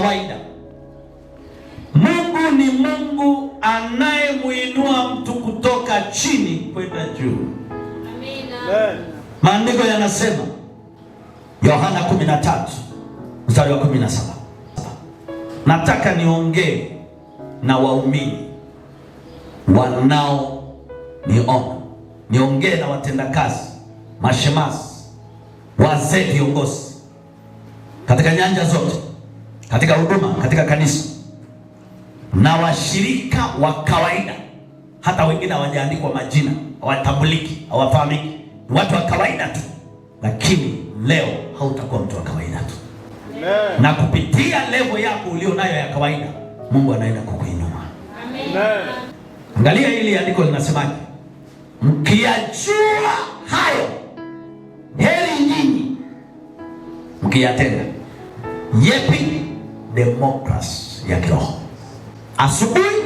kawaida. Mungu ni Mungu anayemuinua mtu kutoka chini kwenda juu. Amina. Maandiko yanasema Yohana 13 mstari wa 17. Nataka niongee na waumini wanao niona, niongee na watendakazi, mashemasi, wazee, viongozi katika nyanja zote katika huduma, katika kanisa na washirika wa kawaida, hata wengine hawajaandikwa majina, hawatambuliki, hawafahamiki, ni watu wa kawaida tu, lakini leo hautakuwa mtu wa kawaida tu Amen. Na kupitia levo yako ulio nayo ya kawaida, Mungu anaenda kukuinua Angalia hili andiko linasemaje, mkiyajua hayo heri nyinyi mkiyatenda. Yepi demokrasi ya kiroho, asubuhi,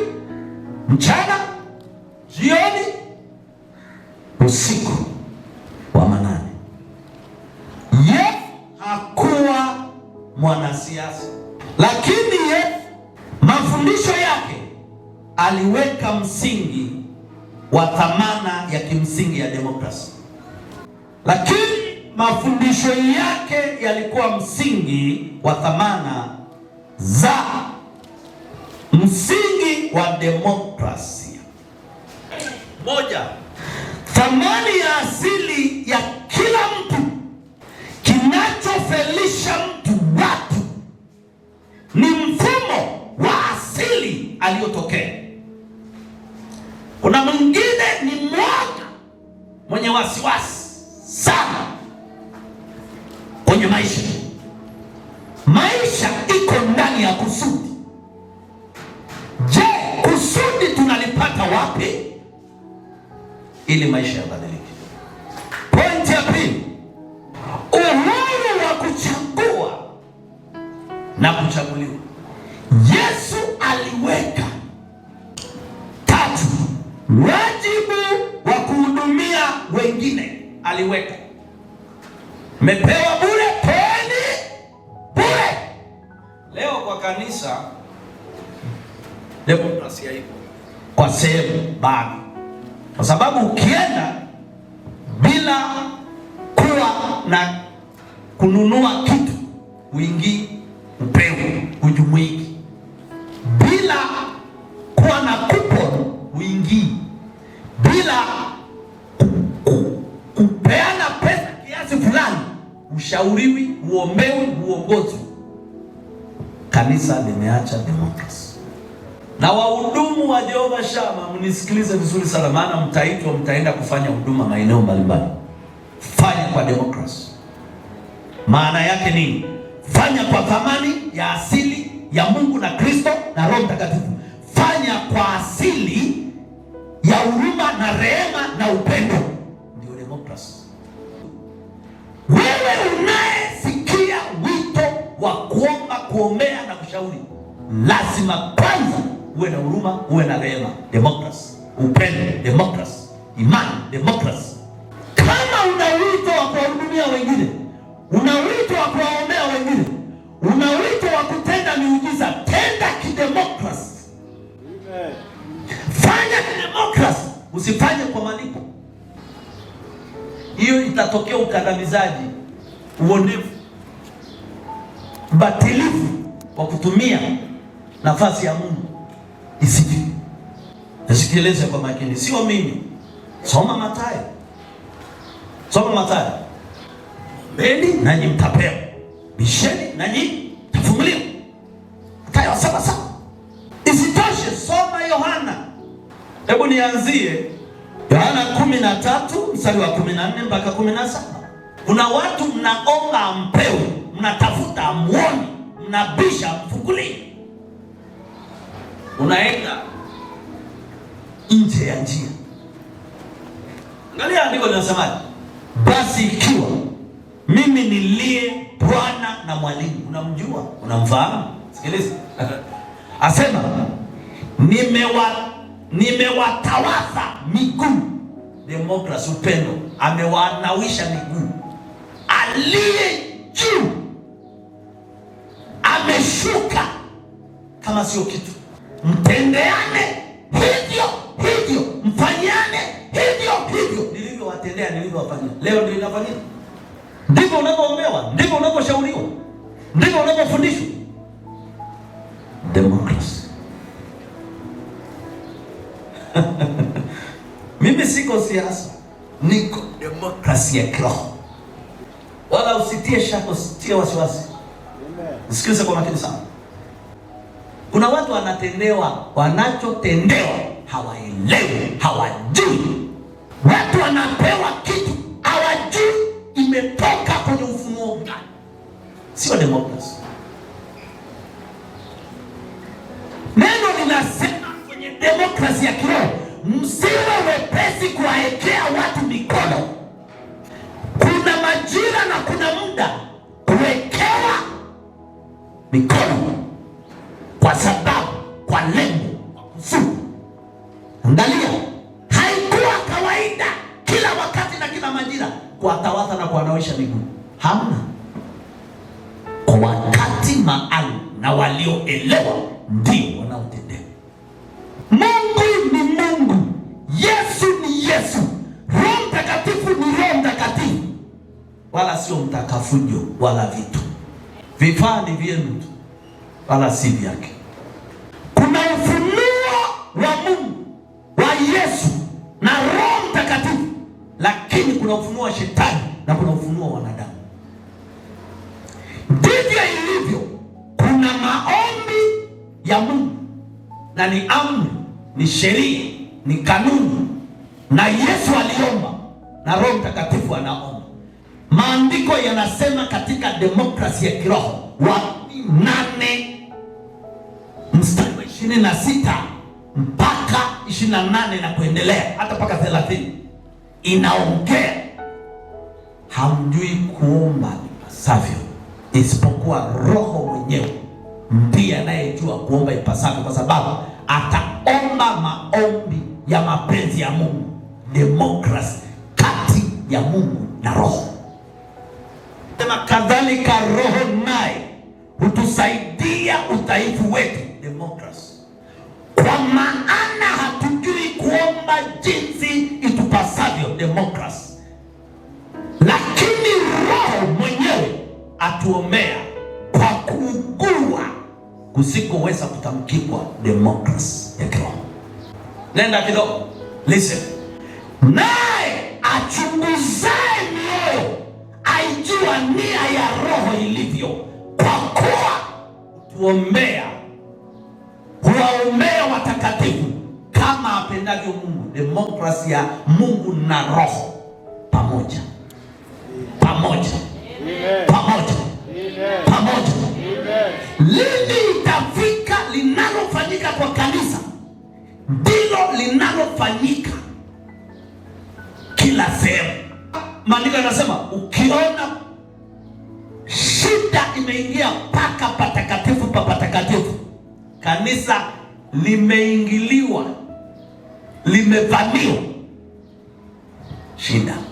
mchana, jioni, usiku wa manane. Yesu hakuwa mwanasiasa, lakini ye mafundisho yake aliweka msingi wa thamana ya kimsingi ya demokrasi, lakini mafundisho yake yalikuwa msingi wa thamana za msingi wa demokrasia. Moja, thamani ya asili ya kila mtu. Kinachofelisha mtu watu ni mfumo wa asili aliyotokea. Kuna mwingine ni mwaga mwenye wasiwasi sana kwenye maisha Maisha iko ndani ya kusudi. Je, kusudi tunalipata wapi ili maisha yabadilike? Pointi ya pili, uhuru wa kuchagua na kuchaguliwa. Yesu aliweka tatu, wajibu wa kuhudumia wengine aliweka, mepewa kanisa demokrasia hiyo kwa sehemu bado, kwa sababu ukienda bila kuwa na kununua kitu wingi upewe ujumuiki, bila kuwa na kupo wingi, bila kupeana pesa kiasi fulani, ushauriwi, uombewi, uongozwi kanisa limeacha demokrasi. Na wahudumu wa Jehova Shama, mnisikilize vizuri sana, maana mtaitwa, mtaenda kufanya huduma maeneo mbalimbali. Fanya kwa demokrasi, maana yake nini? Fanya kwa thamani ya asili ya Mungu na Kristo na Roho Mtakatifu. Fanya kwa asili ya huruma na rehema na upendo, ndio demokrasi. Wewe unaye wa kuomba, kuombea na kushauri, lazima kwanza uwe na huruma, uwe na rehema, Democracy, upendo, Democracy, imani, Democracy. Kama una wito wa kuwahudumia wengine, una wito wa kuwaombea wengine, una wito wa kutenda miujiza, tenda kidemokrasi, fanya kidemokrasi, usifanye kwa malipo. Hiyo itatokea ukandamizaji, uonevu ubatilifu wa kutumia nafasi ya Mungu isivyo. Nisikilize kwa makini, sio mimi. Soma Mathayo, soma Mathayo. Ombeni nanyi mtapewa, bisheni nanyi mtafunguliwa. Mathayo saba saba. Isitoshe, soma Yohana. Hebu nianzie Yohana kumi na tatu mstari wa kumi na nne mpaka kumi na saba. Kuna watu mnaomba ampewe mnatafuta muoni, mnabisha, mfungulie. Unaenda nje ya njia. Angalia andiko linasemaje, basi ikiwa mimi niliye Bwana na mwalimu, unamjua, unamfahamu. Sikiliza, asema nimewa nimewatawaza miguu, demokrasi, upendo, amewanawisha miguu aliye juu kushuka kama sio kitu. Mtendeane hivyo hivyo, mfanyane hivyo hivyo nilivyowatendea, nilivyowafanyia. Leo ndio inafanyika, ndivyo unavyoombewa, ndivyo unavyoshauriwa, ndivyo unavyofundishwa. Democracy. Mimi siko siasa, niko demokrasia ya kiroho, wala usitie shaka, usitie wasiwasi. Msikilize kwa makini sana. Kuna watu wanatendewa, wanachotendewa hawaelewi, hawajui. Watu wanapewa kitu hawajui imetoka kwenye ufunuo gani, sio demokrasia. mikono kwa sababu, kwa lengo, kwa kusudi. Angalia, haikuwa kawaida kila wakati na kila majira kuwatawadha na kuwanawisha miguu, hamna kwa wakati maalum, na walioelewa ndio wanaotendea. Mungu ni Mungu, Yesu ni Yesu, Roho Mtakatifu ni Roho Mtakatifu, wala sio mtakafujo wala vitu Vifaa ni vyenu tu, wala si vyake. Kuna ufunuo wa Mungu wa Yesu na Roho Mtakatifu, lakini kuna ufunuo wa shetani na kuna ufunuo wa wanadamu. Ndivyo ilivyo. Kuna maombi ya Mungu na ni amri, ni sheria, ni kanuni, na Yesu aliomba na Roho Mtakatifu anaomba Maandiko yanasema katika demokrasi ya kiroho Warumi nane mstari wa ishirini na sita mpaka ishirini na nane na kuendelea hata mpaka thelathini inaongea, hamjui kuomba ipasavyo, isipokuwa Roho mwenyewe ndiye anayejua kuomba ipasavyo, kwa sababu ataomba maombi ya mapenzi ya Mungu, demokrasi kati ya Mungu na Roho sema kadhalika Roho naye hutusaidia udhaifu wetu, democracy, kwa maana hatujui kuomba jinsi itupasavyo, democracy, lakini Roho mwenyewe atuomea kwa kuugua kusikoweza kutamkikwa, democracy ya kiroho. Nenda kidogo, listen, naye achunguza nia ya roho ilivyo, kwa kuwa tuombea huwaombea watakatifu kama apendavyo Mungu. Demokrasia ya Mungu na roho pamoja, pamoja, pamoja, pamoja. Lini itafika linalofanyika kwa kanisa ndilo linalofanyika kila sehemu. Maandiko yanasema ukiona shida imeingia mpaka patakatifu pa patakatifu. Kanisa limeingiliwa, limevamiwa shida